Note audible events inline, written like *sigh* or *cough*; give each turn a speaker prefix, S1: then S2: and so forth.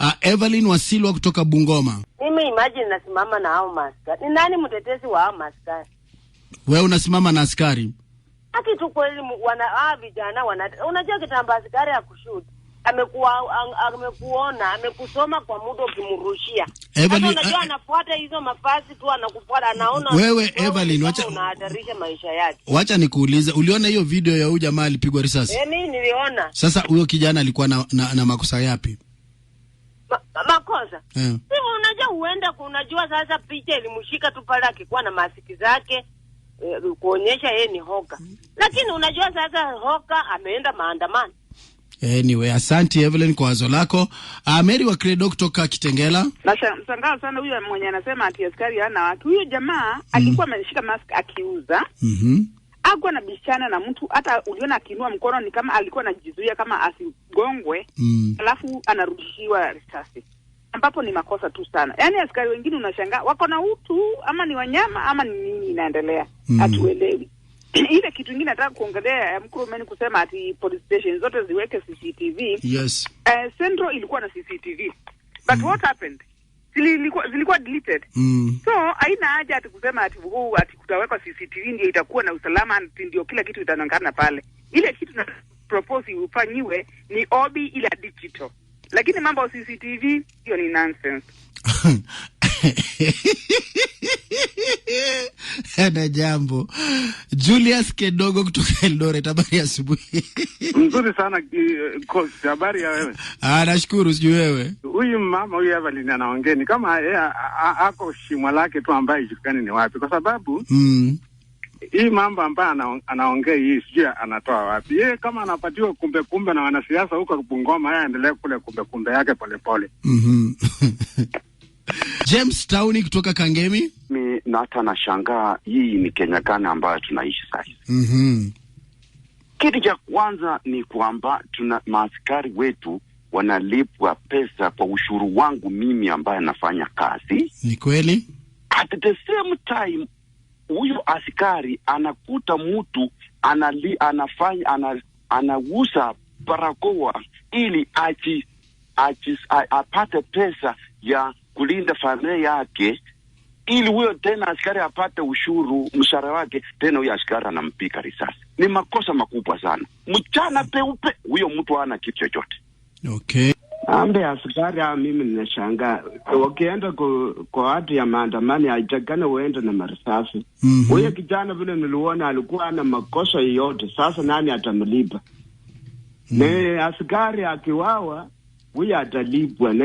S1: Uh, Evelyn Wasilwa kutoka Bungoma.
S2: Mimi imagine nasimama na hao maskari. Ni nani mtetezi wa hao maskari?
S1: Wewe unasimama na askari?
S2: Haki tu kweli wana hawa vijana wana unajua kitamba askari ya kushoot. Amekuwa amekuona, amekusoma kwa muda ukimrushia. Evelyn Hata unajua eh, eh, anafuata hizo mafasi tu anakufuata anaona.
S1: Wewe Evelyn wacha
S2: unahatarisha maisha yake.
S1: Wacha nikuulize, uliona hiyo video ya huyu jamaa alipigwa risasi?
S2: Eh, mimi niliona.
S1: Sasa huyo kijana alikuwa na, na, na makosa yapi? makosa mm. Si
S2: unajua huenda, unajua sasa picha ilimshika tu pale akikuwa na masiki zake eh, kuonyesha yeye ni hoka, lakini unajua sasa hoka ameenda maandamano.
S1: Anyway, asante Evelyn kwa wazo lako. Uh, Mary wa Credo kutoka Kitengela.
S2: Nashangaa sana huyo mwenye anasema ati askari hana watu. Huyo jamaa mm. alikuwa ameshika mask akiuza. Mhm. Mm agwa na bishana na mtu hata uliona akiinua mkono ni kama alikuwa anajizuia kama asigongwe, mm. alafu anarudishiwa risasi, ambapo ni makosa tu sana. Yaani askari wengine unashangaa wako na utu ama ni wanyama ama ni nini inaendelea,
S1: mm. hatuelewi.
S2: Mm. *clears throat* ile kitu ingine nataka kuongelea ya Mkurumeni kusema ati police station zote ziweke CCTV. Yes. Uh, Central ilikuwa na CCTV but mm. what happened zilikuwa zilikuwa deleted mm. So haina haja ati kusema ati huu oh, ati kutawekwa CCTV ndio itakuwa na usalama ndio kila kitu itaonekana pale. Ile kitu na propose ufanyiwe ni obi ila digital, lakini mambo ya CCTV hiyo ni nonsense *laughs*
S1: *laughs* na jambo Julius Kedogo kutoka Eldoret, habari ya asubuhi.
S3: Mzuri sana eh, coach, habari ya wewe?
S1: Ah, nashukuru. Sijui wewe,
S3: huyu mama huyu hapa Evelyn anaongea ni kama yeye eh, ako shimwa lake tu, ambaye ijulikani ni wapi, kwa sababu mm. hii mambo ambayo anaongea hii sijui anatoa wapi yeye, kama anapatiwa kumbe kumbe na wanasiasa huko Bungoma, yeye aendelee kule kumbe kumbe yake polepole pole.
S1: mm -hmm. *laughs* James Town kutoka Kangemi
S4: na hata nashangaa hii ni Kenya gani ambayo tunaishi sasa.
S1: mm -hmm.
S4: Kitu cha kwanza ni kwamba tuna maaskari wetu wanalipwa pesa kwa ushuru wangu mimi ambaye anafanya kazi.
S1: Ni kweli.
S4: At the same time huyu askari anakuta mtu anali, anafanya ana, anauza barakoa ili aji, aji, apate pesa ya kulinda familia yake ili huyo tena askari apate ushuru mshahara wake, tena huyo askari anampika risasi. Ni makosa makubwa sana, mchana peupe, huyo mtu hana kitu chochote.
S1: Okay.
S5: Ambe askari hao, ah, mimi ninashangaa wakienda kwa watu ya maandamano, haitakana uende na marisasi. mm huyo -hmm. Kijana vile niliona alikuwa ana makosa yote, sasa nani atamlipa? mm -hmm. Ni askari akiwawa huyo atalipwa.